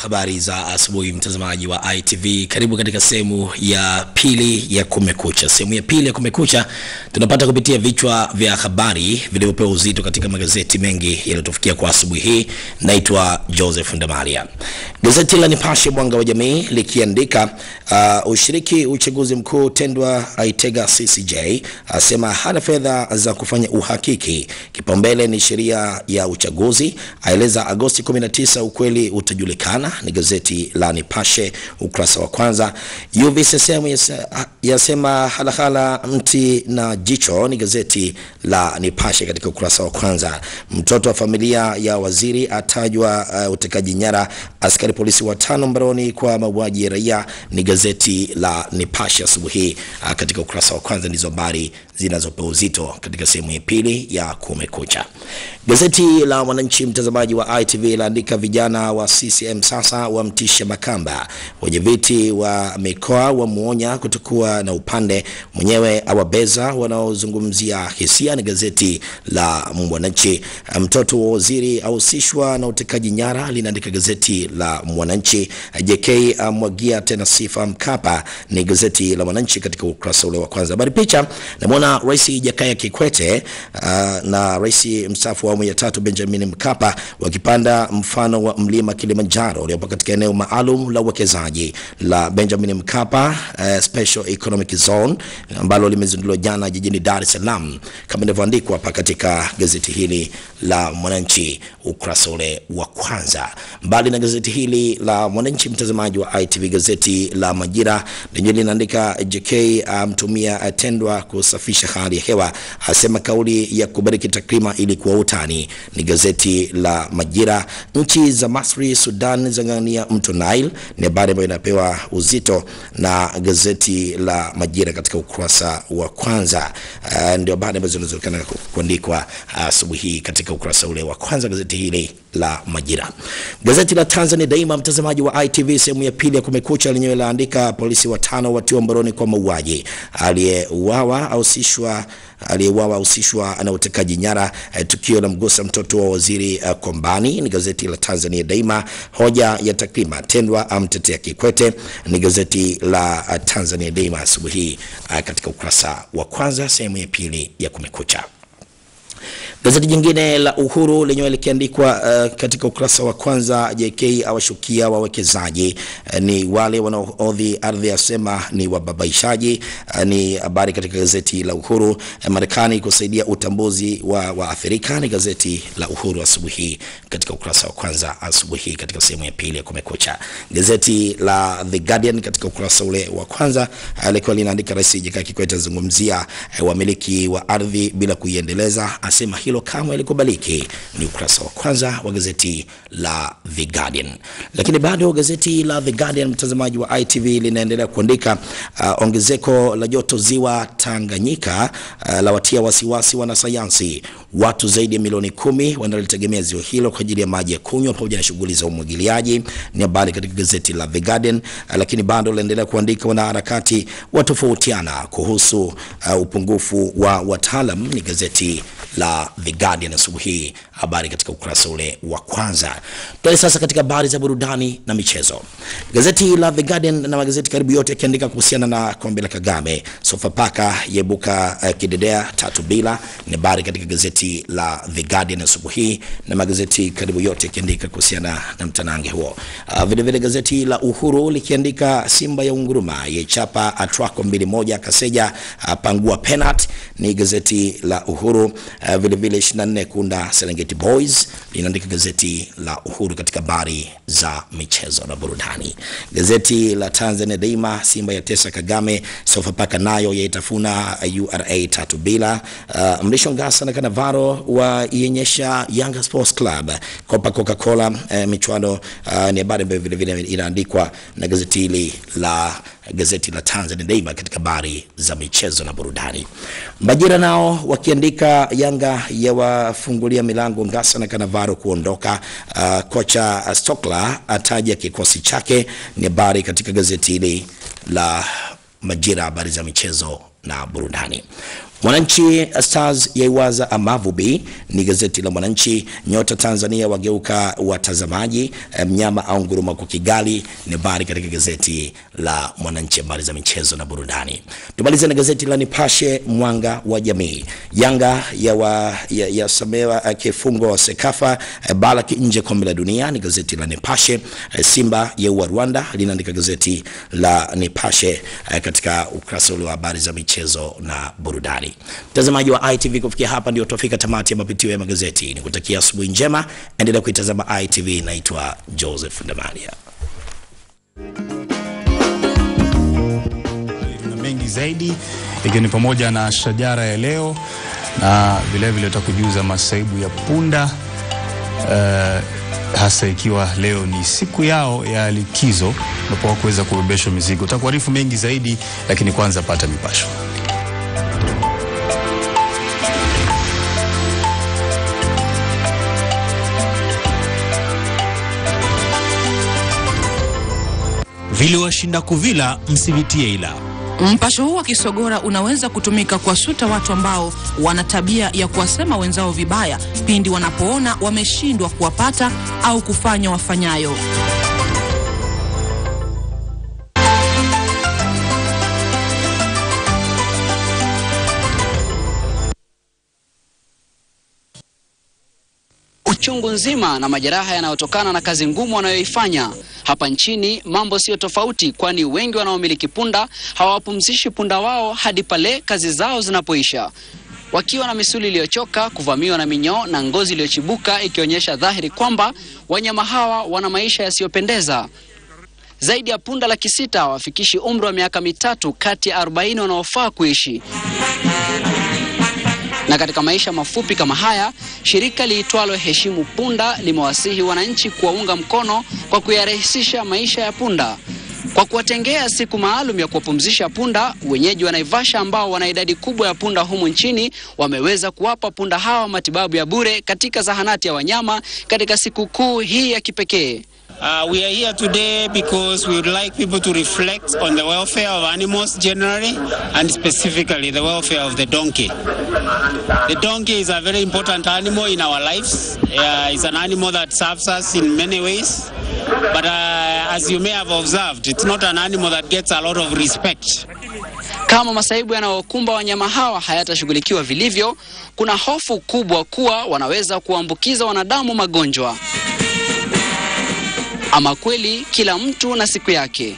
Habari za asubuhi mtazamaji wa ITV, karibu katika sehemu ya pili ya Kumekucha. Sehemu ya pili ya Kumekucha tunapata kupitia vichwa vya habari vilivyopewa uzito katika magazeti mengi yaliyotufikia kwa asubuhi hii. Naitwa Joseph Ndamaria. Gazeti la Nipashe Mwanga wa Jamii likiandika uh, ushiriki uchaguzi mkuu Tendwa aitega CCJ, asema hana fedha za kufanya uhakiki, kipaumbele ni sheria ya uchaguzi, aeleza Agosti 19 ukweli utajulikana ni gazeti la Nipashe ukurasa wa kwanza. UVCCM yasema halahala mti na jicho ni gazeti la Nipashe katika ukurasa wa kwanza. Mtoto wa familia ya waziri atajwa uh, utekaji nyara, askari polisi watano mbaroni kwa mauaji ya raia ni gazeti la Nipashe asubuhi uh, katika ukurasa wa kwanza. Ndizo habari zinazopewa uzito katika sehemu ya pili ya Kumekucha. Gazeti la Mwananchi mtazamaji wa ITV laandika vijana wa CCM sasa wamtisha Makamba, wenye viti wa mikoa wamuonya kutokuwa na upande mwenyewe awabeza wanaozungumzia hisia. Ni gazeti la Mwananchi. Mtoto wa waziri ahusishwa na utekaji nyara, linaandika gazeti la Mwananchi. JK amwagia tena sifa Mkapa, ni gazeti la Mwananchi katika ukurasa ule wa kwanza. Habari picha, namwona Rais Jakaya Kikwete uh, na rais mstaafu wa awamu ya tatu Benjamin Mkapa wakipanda mfano wa mlima Kilimanjaro uliopo katika eneo maalum la uwekezaji la Benjamin Mkapa uh, special Economic Zone ambalo limezinduliwa jana jijini Dar es Salaam kama inavyoandikwa hapa katika gazeti hili la Mwananchi ukurasa ule wa kwanza. Mbali na gazeti hili la Mwananchi, mtazamaji wa ITV, gazeti la Majira lenyewe linaandika JK amtumia uh, um, atendwa kusafisha hali ya hewa, asema kauli ya kubariki takrima ilikuwa utani. Ni gazeti la Majira. Nchi za Masri, Sudan zang'ang'ania mto Nile ni habari ambayo inapewa uzito na gazeti la la Majira katika ukurasa wa kwanza. Uh, ndio baada ambazo zinazoonekana kuandikwa ah, asubuhi uh, hii katika ukurasa ule wa kwanza gazeti hili la Majira. Gazeti la Tanzania Daima, mtazamaji wa ITV, sehemu ya pili ya Kumekucha, lenyewe laandika polisi watano watiwa mbaroni kwa mauaji, aliyeuawa ahusishwa aliyeuawa ahusishwa na utekaji nyara, eh, tukio la mgusa mtoto wa waziri eh, Kombani. Ni gazeti la Tanzania Daima. Hoja ya takrima tendwa amtetea Kikwete, ni gazeti la eh, Tanzania Daima asubuhi katika ukurasa wa kwanza. Sehemu ya pili ya Kumekucha. Gazeti jingine la Uhuru lenyewe likiandikwa uh, katika ukurasa wa kwanza, JK awashukia wawekezaji uh, ni wale wanaohodhi ardhi, asema ni wababaishaji uh, ni habari katika gazeti la Uhuru. Uh, Marekani kusaidia utambuzi wa waathirika, ni gazeti la Uhuru asubuhi katika ukurasa wa kwanza, asubuhi katika sehemu ya pili ya Kumekucha. Gazeti la The Guardian katika ukurasa ule wa kwanza uh, likiwa linaandika Rais Jakaya Kikwete azungumzia uh, wamiliki wa ardhi bila kuiendeleza, asema hii hilo kamwe likubaliki, ni ukurasa wa kwanza wa gazeti la The Guardian. Lakini bado gazeti la The Guardian, mtazamaji wa ITV, linaendelea kuandika uh, ongezeko la joto ziwa Tanganyika uh, watia wasiwasi wanasayansi Watu zaidi ya milioni kumi wanalitegemea ziwa hilo kwa ajili ya maji ya kunywa pamoja na shughuli za umwagiliaji. Ni habari katika gazeti la The Garden. lakini bado laendelea kuandika wanaharakati watofautiana kuhusu uh, upungufu wa wataalam. Ni gazeti la The Guardian asubuhi hii habari katika ukurasa ule wa kwanza. Twende sasa katika habari za burudani na michezo. Gazeti la The Guardian na magazeti karibu yote yakiandika kuhusiana na kombe la Kagame, Sofapaka yebuka uh, eh, kidedea tatu bila, ni habari katika gazeti la The Guardian asubuhi hii, na magazeti karibu yote yakiandika kuhusiana na mtanange huo. Uh, vile vile gazeti la Uhuru likiandika Simba ya unguruma yechapa Atwako mbili moja, Kaseja uh, pangua penalty, ni gazeti la Uhuru. Uh, vile vile 24 Kunda Serengeti Serengeti Boys linaandika gazeti la Uhuru katika habari za michezo na burudani. Gazeti la Tanzania Daima, Simba ya tesa Kagame, Sofapaka nayo yaitafuna URA tatu bila. Uh, Mrisho Ngasa na Kanavaro waionyesha Yanga Sports Club. Copa Coca-Cola eh, michuano uh, ni habari ambayo vile vile inaandikwa na gazeti hili la gazeti la Tanzania Daima katika habari za michezo na burudani. Majira nao wakiandika Yanga yawafungulia milango Ngasa na Kanavaro kuondoka. Uh, kocha Stokla ataja kikosi chake, ni habari katika gazeti hili la Majira, habari za michezo na burudani. Mwananchi Stars yaiwaza Amavu B ni gazeti la Mwananchi. Nyota Tanzania wageuka watazamaji, eh, mnyama au nguruma kwa Kigali ni bari katika gazeti la Mwananchi, habari za michezo na burudani. Tumalize na gazeti la Nipashe mwanga wa jamii, Yanga yasamewa ya, ya eh, kifungo wa Sekafa eh, Balak nje kombe la dunia, ni gazeti la Nipashe. Simba yaua Rwanda, linaandika gazeti la Nipashe katika ukurasa ule wa habari za michezo na burudani habari. Mtazamaji wa ITV, kufikia hapa ndio tofika tamati ya mapitio ya magazeti. Nikutakia asubuhi njema, endelea kuitazama ITV. Naitwa Joseph Ndamalia. Tuna mengi zaidi ikiwa ni pamoja na shajara ya leo na vilevile utakujuza masaibu ya punda uh, hasa ikiwa leo ni siku yao ya likizo ambapo kuweza kubebeshwa mizigo. Utakuarifu mengi zaidi, lakini kwanza pata mipasho. viliwashinda kuvila, msivitie ila. Mpasho huu wa Kisogora unaweza kutumika kuwasuta watu ambao wana tabia ya kuwasema wenzao vibaya pindi wanapoona wameshindwa kuwapata au kufanya wafanyayo. chungu nzima na majeraha yanayotokana na kazi ngumu wanayoifanya. Hapa nchini mambo siyo tofauti, kwani wengi wanaomiliki punda hawapumzishi punda wao hadi pale kazi zao zinapoisha, wakiwa na misuli iliyochoka, kuvamiwa na minyoo na ngozi iliyochibuka, ikionyesha dhahiri kwamba wanyama hawa wana maisha yasiyopendeza. Zaidi ya punda laki sita hawafikishi umri wa miaka mitatu kati ya 40 wanaofaa kuishi. Na katika maisha mafupi kama haya, shirika liitwalo Heshimu Punda limewasihi wananchi kuwaunga mkono kwa kuyarahisisha maisha ya punda kwa kuwatengea siku maalum ya kuwapumzisha punda. Wenyeji wa Naivasha ambao wana idadi kubwa ya punda humu nchini wameweza kuwapa punda hawa matibabu ya bure katika zahanati ya wanyama katika siku kuu hii ya kipekee. Uh, we are here today because we would like people to reflect on the welfare of animals generally and specifically the welfare of the donkey. The donkey is a very important animal in our lives. Uh, it's an animal that serves us in many ways. But uh, as you may have observed, it's not an animal that gets a lot of respect. Kama masaibu yanayokumba wanyama hawa hayatashughulikiwa vilivyo, kuna hofu kubwa kuwa wanaweza kuambukiza wanadamu magonjwa. Ama kweli kila mtu na siku yake.